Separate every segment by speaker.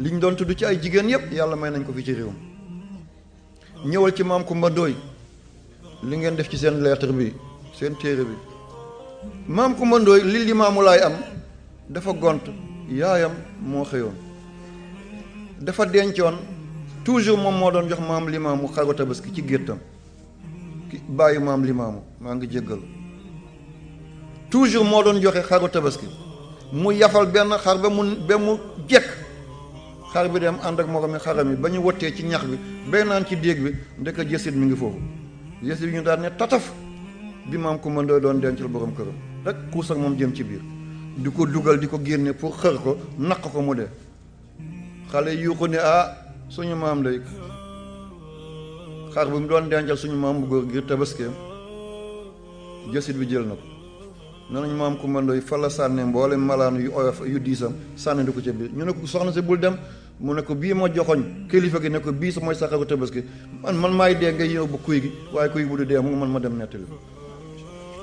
Speaker 1: li ñu doon tudd ci ay jigéen yëpp yàlla may nañ ko fi ci réew mi ñëwal ci maam Kumba Ndooy li ngeen def ci seen lettre bi seen téere bi maam Kumba Ndooy li li laay am dafa gont yaayam moo xëyoon dafa dencoon toujours moom moo doon jox maam limaamu xaru tabaski ci géttam ki bàyyi maam limaamu maa ngi jéggal toujours moo doon joxe xaru tabaski mu yafal benn xar ba mu ba mu jekk xar bi dem ànd ak moromi xaram yi ba ñu wottee ci ñax bi bay naan ci déeg bi ndekk jësit mu ngi foofu jësit bi ñu daan ne tataf bi maam ko mën doon dencal borom këram rek kuus ak moom jëm ci biir di ko dugal di ko génne pour xër ko naq ko mu dee xale yu ko ne ah suñu maam day xar bi mu doon dencal suñu maam bu góor ngir tabaskeem jësit bi jël na ko ne nañ maam ku mën doy fa la sànne mboole malaan yu oyof yu diisam sànni di ko ca biir ñu ne ko bul dem mu ne ko bii ma joxoñ kilifa gi ne ko bii sa mooy saxaru tabaski man man maay dee ngay yóbbu kuy gi waaye kuy bu du dee mu man ma dem nettali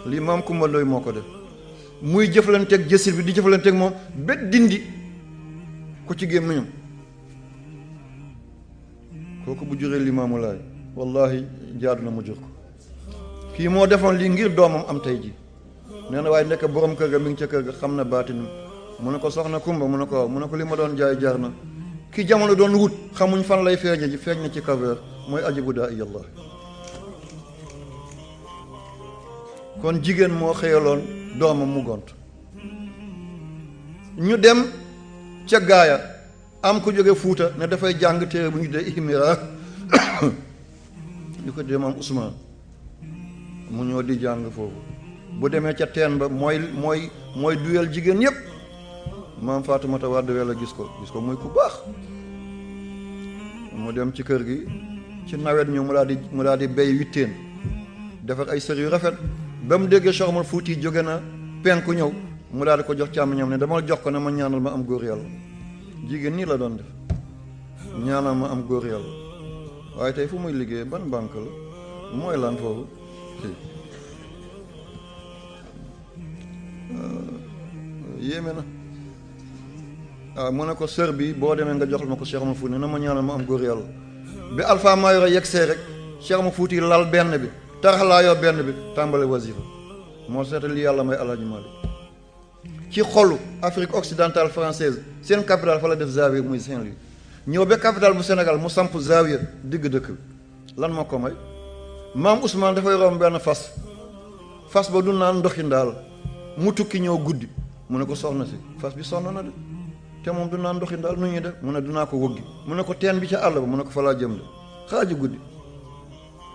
Speaker 1: lii maam Kumba looy moo ko def muy jëflanteeg jësir bi di jëflanteeg moom ba dindi ko ci gémmiñam kooku bu juree limaamu laay wallahi jaadu na mu jur ko kii moo defoon lii ngir doomam am tey ji nee na waaye nekk borom kër ga mu ngi ca kër gi xam na baatin mu ne ko soxna Kumba mu ne ko mu ne ko li ma doon jaay jaar na ki jamono doon wut xamuñ fan lay feeñe ji feeñ na ci Cap-Vert mooy ajibu daa iyallah kon jigéen moo xëyaloon doomam mu gont ñu dem ca gaaya am ko jóge fuuta ne dafay jàng téere bu ñu dee ihmira ñu ko dee maam usmaan mu ñoo di jàng foofu bu demee ca teen ba mooy mooy mooy duyal jigéen yépp maam Faatumata Wàdd Welo gis ko gis ko muy ku baax mu dem ci kër gi ci nawet ñu mu daal di mu daal di béy witteen defar ay sër yu rafet ba mu déggee Cheikh Omar Fuuti jóge na penku ñëw mu daal di ko jox càmmiñam ne dama jox ko ne ma ñaanal ma am góor yàlla jigéen nii la doon def ñaanal ma am góor yàlla waaye tey fu muy liggéey ban banque la mooy lan foofu euh, yéeme na waaw ah, mu ne ko sër bi boo demee nga joxal ma ko Cheikh Oumar Fouti na ma ñaanal ma am góor yàlla bi Alpha Mayoro yegsee rek Cheikh Oumar Fouti lal benn bi taraxlaa yoo benn bi tàmbali wasifa moo seeta li yàlla may Alaaji Maalik ci xolu Afrique occidentale française seen capital fa la def Zawiya muy Saint-Louis ñëw ba capitale bu senegal mu samp Zawiya digg dëkk bi lan moo ko may maam Ousmane dafay romb benn fas fas ba du naan ndoxi ndaal mu tukki ñëw guddi mu ne ko te moom du naan ndoxi ndaal nu ñuy def mu ne dinaa ko wëggi mu ne ko teen bi ci àll ba mu ne ko falaa jëm de xaaju guddi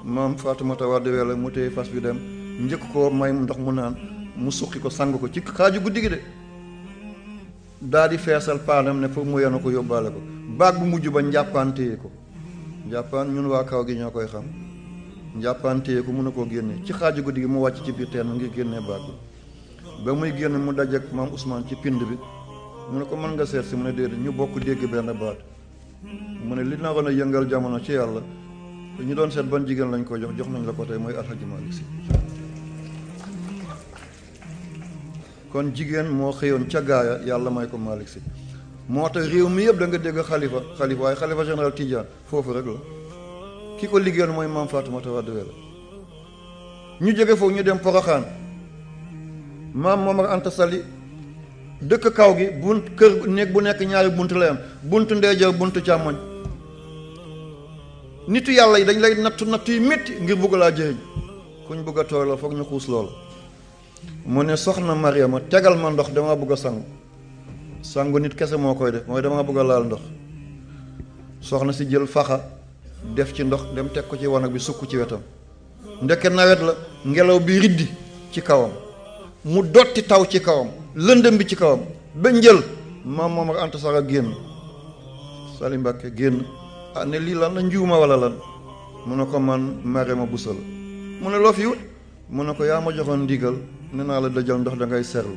Speaker 1: maam Faatumata Wade Wele mu téye fas bi dem njëkk ko may ndox mu naan mu suqi ko sang ko ci xaaju guddi gi de daa di feesal paanam ne pour mu yenu ko yóbbaale ko baag bu mujj ba njàppaan téye ko njàppaan ñun waa kaw gi ñoo koy xam njàppaan téye ko mun ne koo génne ci xaaju guddi gi mu wàcc ci biir teen ngir génnee baag ba muy génn mu dajeek maam Ousmane ci pind bi mu ne ko mën nga seet si mu ne déedéet ñu bokk dégg benn baat mu ne li naroon a yëngal jamono ci yàlla ñu doon seet ban jigéen lañ ko jox jox nañ la ko tey mooy Alxaji Maalik Si kon jigéen moo xëyoon ca gaaya yàlla may ko Maalik Si réew mi yëpp da nga dégg xalifa xalifa waaye xalifa général tiijaan foofu rek la ki ko liggéeyal mooy maam Faatumata Wade Wele ñu jóge foofu ñu dem Poroxaan maam Momar Anta Sali dëkk kaw gi bunt kër néeg bu nekk ñaari bunt lay am bunt ndeyjoor bunt càmmoñ nitu yàlla yi dañ lay nattu nattu yu métti ngir bugg laa jëriñ kuñ bugg a tooy la foog ñu xuus loolu mu ne soxna Mariama tegal ma ndox damaa bëgg a sangu sangu nit kese moo koy def mooy damaa bëgg a laal ndox soxna si jël faxa def ci ndox dem teg ko ci wanag bi sukk ci wetam ndeke nawet la ngelaw bi riddi ci kawam mu dotti taw ci kawam lëndëm bi ci kawam ba njël maam moom ak Anta Sara génn Sali Mbàkke génn ah ne lii lan la njuuma wala lan mu ne ko man ma Bousso la mu ne loo fi wut mu ne ko yaa ma joxoon ndigal ne naa la dajal ndox dangay ngay seetlu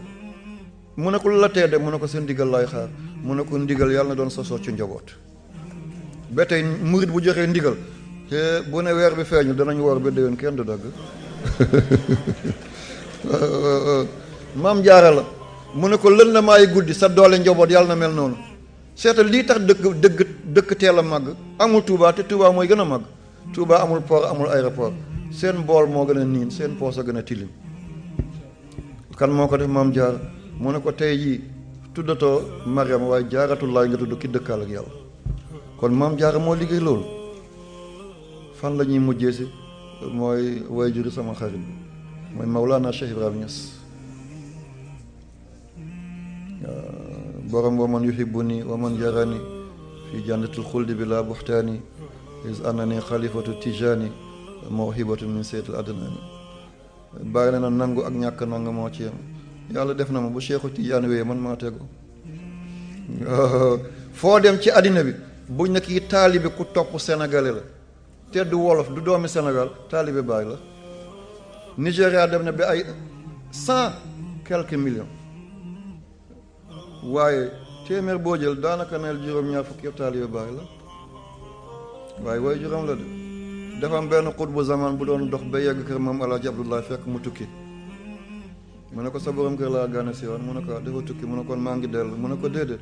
Speaker 1: mu ne ko lu la tee de mu ne ko seen ndigal laay xaar mu ne ko ndigal yàlla na doon sosoo ci njaboot ba tey murit bu joxee ndigal te bu ne weer bi feeñu danañu war ba déwén kenn du dagg maam jaara la mu ne ko lën lëndamaayu guddi sa doole njaboot yàlla na mel noonu seetal lii tax dëkk dëgg dëkk teel a màgg amul Touba te Touba mooy gën a màgg tuubaa amul port amul aéroport seen bool moo gën a niin seen poos a gën a tilim kan moo ko def maam jaar mu ne ko tey jii tuddatoo Mariam waaye jaaratullaay nga tudd ki dëkkaal ak yàlla kon maam jaara moo liggéey loolu fan la ñuy mujjee si mooy waajuri sama xarit mooy Maulana Cheikh Ibrahima Niass Euh, borom wa man yuhibbuni wa man yarani fi jannatul xuldi bi laa buxtaani is annani xalifatu tijaani na na nangu ak ñàkk nangu moo ci yam yàlla def na ma bu Cheikhu Tijaan wéyee man maa tegu foo dem ci àddina bi buñ ne kii taalibe ku topp sénégalais la te wolof du doomi Sénégal taalibe bàyyi la Nigéria dem na bi ay cent quelques million waaye téeméer boo jël daanaka neel juróom-ñaar fukki yëpp taalibe baay la waaye waaye juróom la de dafa am benn xut bu zaman bu doon ndox ba yegg kër maam alaaji abdoulaye fekk mu tukki mu ne ko sa borom kër laa gane si woon mu ne ko dafa tukki mu ne kon maa ngi dellu mu ne ko déedéet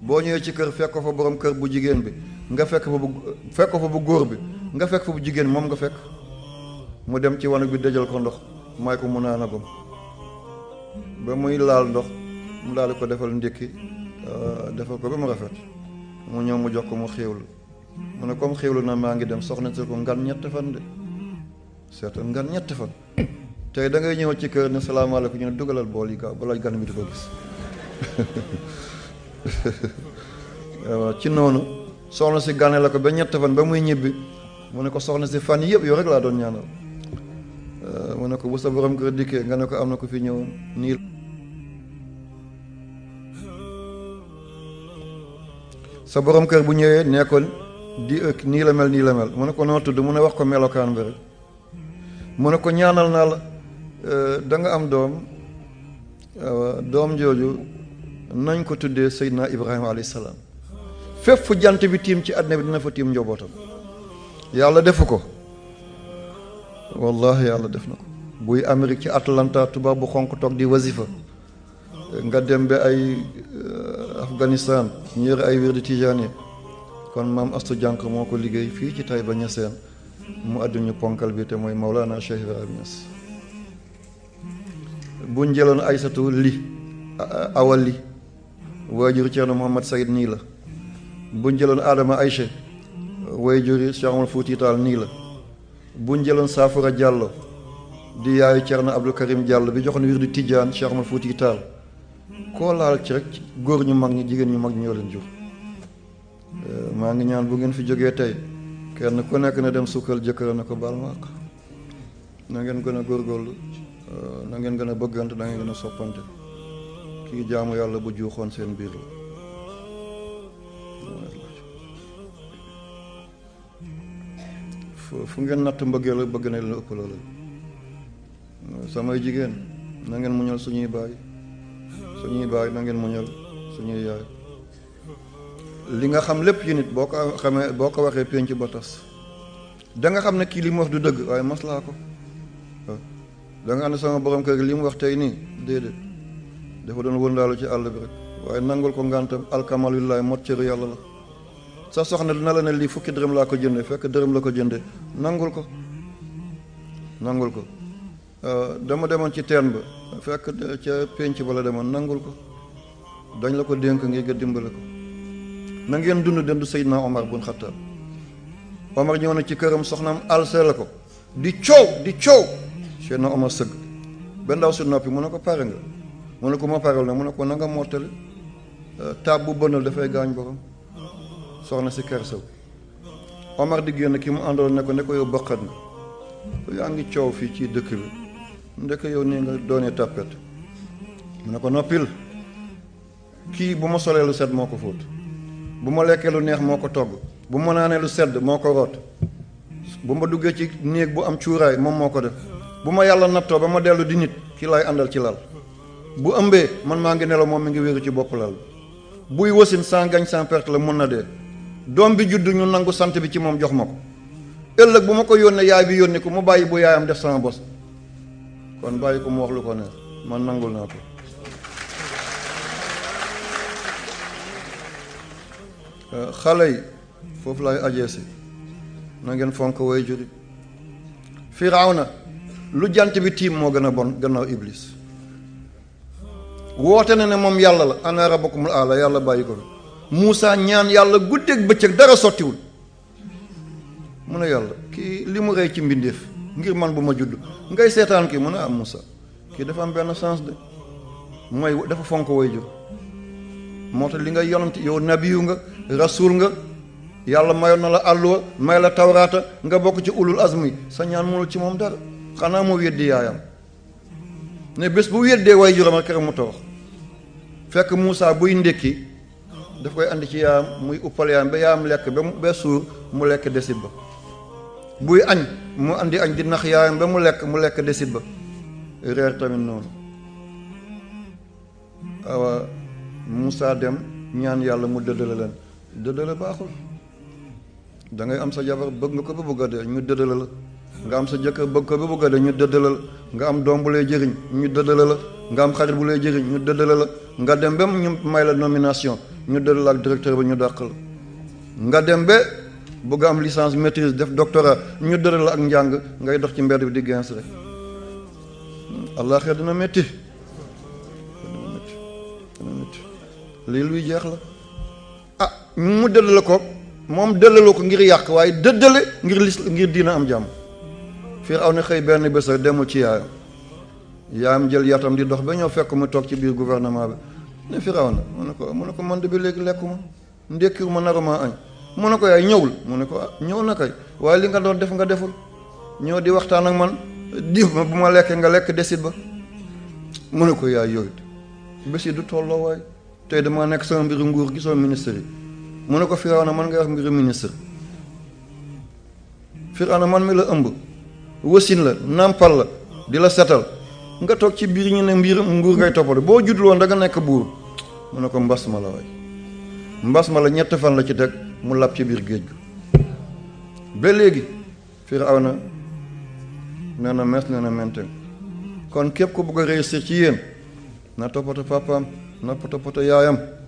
Speaker 1: boo ñëwee ci kër fekk ko fa borom kër bu jigéen bi nga fekk fa bu fekk ko fa bu góor bi nga fekk fa bu jigéen moom nga fekk mu dem ci wanag bi dajal ko ndox may ko mu naanagum ba muy laal ndox mu daal di ko defal ndékki euh, defal ko ba mu rafet mu ñëw mu jox ko mu xéewlu mu ne comme xéewlu na maa ngi dem soxna si ko ngan ñett fan de seetal ngan ñett fan tey da ngay ñëw ci kër ni salaamaaleykum ñu ne dugalal bool yi gaaw balaa gan bi di ko gis waaw ci noonu soxna si gane la ko ba ñett fan ba muy ñibbi mu ne ko soxna si fan yëpp yow rek laa doon ñaanal euh, mu ne ko bu sa borom kër dikkee nga ne ko am na ko fi ñëw nii sa borom kër bu ñëwee nee ko di nii la mel nii la mel mu ne ko noo tudd mu ne wax ko melokaan bi rek mu ne ko ñaanal naa la euh, danga am doom doom jooju nañ ko tuddee Seydina Ibrahima alayhi salaam fépp fu jant bi tiim ci àddina bi dina fa tiim njobootam yàlla defu ko wallahi yàlla def na ko buy Amérique ci Atlanta tubaab bu xonk toog di wasifa nga dem ba ay Afghanistan ñu yore ay wér di Tijaani kon maam Astu Jànk moo ko liggéey fii ci Taïba Niassène mu àdduñu ponkal bi te mooy Mawlana Cheikh Ibrahim Niass bu ñu jëloon Aysatu li awa li waajur Ceerno Muhammad Sayid nii la bu ñu jëloon Adama Ayche waajuri Cheikh Omar Fuuti Taal nii la bu ñu jëloon Saafara di yaayu Ceerno Abdou Karim Jàllo bi joxoon wir di Tijaan Cheikh Omar Fuuti Taal koo laal ci rek góor ñu mag ñi jigéen ñu mag ñoo leen jur euh, maa ngi ñaan bu ngeen fi jógee tey kenn ku nekk na dem sukkal jëkkëram na ko baal ma na ngeen gën a góorgóorlu góorlu euh, nangeen gën a bëggante na ngeen gën a soppante kii jaamu yàlla bu juuxoon seen biir la fu ngeen natt mbëggee la bëgg na leen ëpp loolu samay jigéen na ngeen muñal suñuy baay suñuy baay na ngeen muñal suñuy yaay li nga xam lépp yi nit boo ko xamee boo ko waxee pénc ba tas da xam ne kii li mu wax du dëgg waaye maslaa ko danga xam ne sama borom kër gi li mu wax tey nii déedéet dafa doon wëndaalu ci àll bi rek waaye nangul ko ngantam alkamalullaay mot cëru yàlla la sa soxna dina la ne lii fukki dërëm laa ko jënde fekk dërëm la ko jënde nangul ko nangul ko Euh, dama demoon ci teen ba fekk ca pénc ba la demoon nangul ko dañ la ko dénk ngir nga dimbale ko na ngeen dund dendu Seydina Omar bun Xattaab Omar ñëw na ci këram soxna alsee la ko di coow di coow Seydina Omar sëgg ba ndaw si noppi mu ne ko pare nga mu ne ko ma parewul nag mu ne ko na nga mottali euh, bu bënal dafay gaañ borom soxna si kersaw Omar di génn ki mu àndal ne ko ko yow bëqat nga yaa ngi coow fii ci dëkk bi ndeke yow nii nga doonee tàppet mu ne ko noppil kii bu ma solee lu sedd moo ko fóot bu ma lekkee lu neex moo ko togg bu ma naanee lu sedd moo ko root bu ma duggee ci néeg bu am cuuraay moom moo ko def bu ma yàlla naptoo ba ma dellu di nit ki lay àndal ci lal bu ëmbee man maa ngi nelaw moom mi ngi wéeru ci bopp lal buy wasin sans gagne sans perte la mun na dee doom bi judd ñu nangu sant bi ci moom jox ma ko ëllëg bu ma ko yónnee yaay bi yónni ko mu bàyyi bu yaayam def sama kon bàyyi ko mu wax lu ko neex man nangul naa ko euh, xale yi foofu lay ajee si na ngeen fonk way juri na lu jant bi tiim moo gën a bon gannaaw iblis woote na ne moom yàlla la ana rabbakumul aala yàlla bàyyi ko fi Muusa ñaan yàlla guddeeg bëccëg dara sottiwul mu ne yàlla kii li mu rey ci mbindeef ngir man bu ma judd ngay seetaan ki mën a am Moussa kii dafa am benn sens de mooy dafa fonk waajur moo tax li nga yonent yow nabiyu nga rasuul nga yàlla mayoon na la àlluwa may la tawraata nga bokk ci ulul asmi sa ñaan mënul ci moom dara xanaa mu weddi yaayam ne bés bu weddee waajuram rek mu torox fekk Moussa buy ndékki daf koy andi ci yaayam muy uppal yaayam ba yaayam lekk ba mu ba suur mu lekk desib ba buy añ mu andi añ di nax yaayam ba mu lekk mu lekk desit ba reer tamit noonu awa dem ñaan yàlla mu dëddale leen dëddale baaxul da ngay am sa jabar bëgg nga ko ba bëgg a dee ñu dëddale la nga am sa jëkkër bëgg ko ba bëgg ñu dëddale la nga am doom bu lay jëriñ ñu dëddale la nga am xarit bu lay jëriñ ñu dëddale la nga dem ba ñu may la nomination ñu dëddale ak directeur bi ñu dàq la nga dem ba bëgg am licence maîtrise def doctorat ñu dëral la ak njàng ngay dox ci mbedd bi di gens rek allah xeer dina metti dina lii luy jeex la ah mu dëddale ko moom dëddaloo ko ngir yàq waaye dëddale ngir lis ngir diina am jàmm fiir aw na xëy benn bés rek demul ci yaayam yaayam jël yatam di dox ba ñoo fekk mu toog ci biir gouvernement bi ne firaw na mu ne ko mu ne ko man bi léegi lekkuma ndékkiwuma naruma añ mu ne ko yaay ñëwul mu ne ko ah, ñëw na kay waaye li nga doon def nga deful ñëw di waxtaan ak man diif ma bu ma lekkee nga lekk desit ba mu ne ko yaay yooyu bés yi du tolloo waay tey dama nekk sama mbiru nguur gisoo ministre yi mu ne ko Firawna man ngay wax mbiru ministre Firawna man mi la ëmb wasin la nàmpal la di la setal nga toog ci biir ñu ne mbir nguur ngay toppatoo boo juddul woon da nekk buur mu ne ko mbas ma la waay mbas ma la ñett fan la ci teg mu lab ci biir géej gi ba léegi Firawna nee na mes nee na menten kon képp ku bugg a réussir ci yéen na toppatoo papaam na toppatoo yaayam